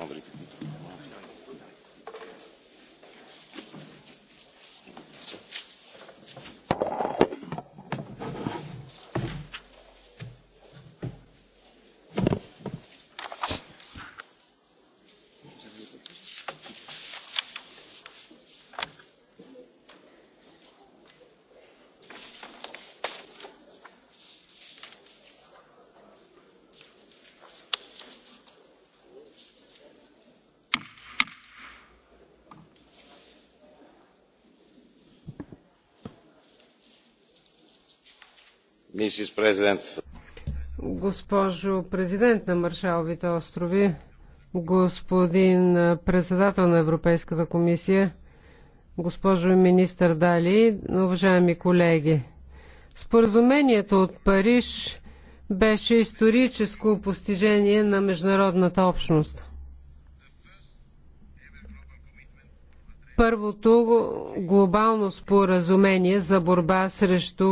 André. Госпожо президент на Маршаловите острови, господин председател на Европейската комисия, госпожо министър Дали, уважаеми колеги. Споразумението от Париж беше историческо постижение на международната общност. Първото глобално споразумение за борба срещу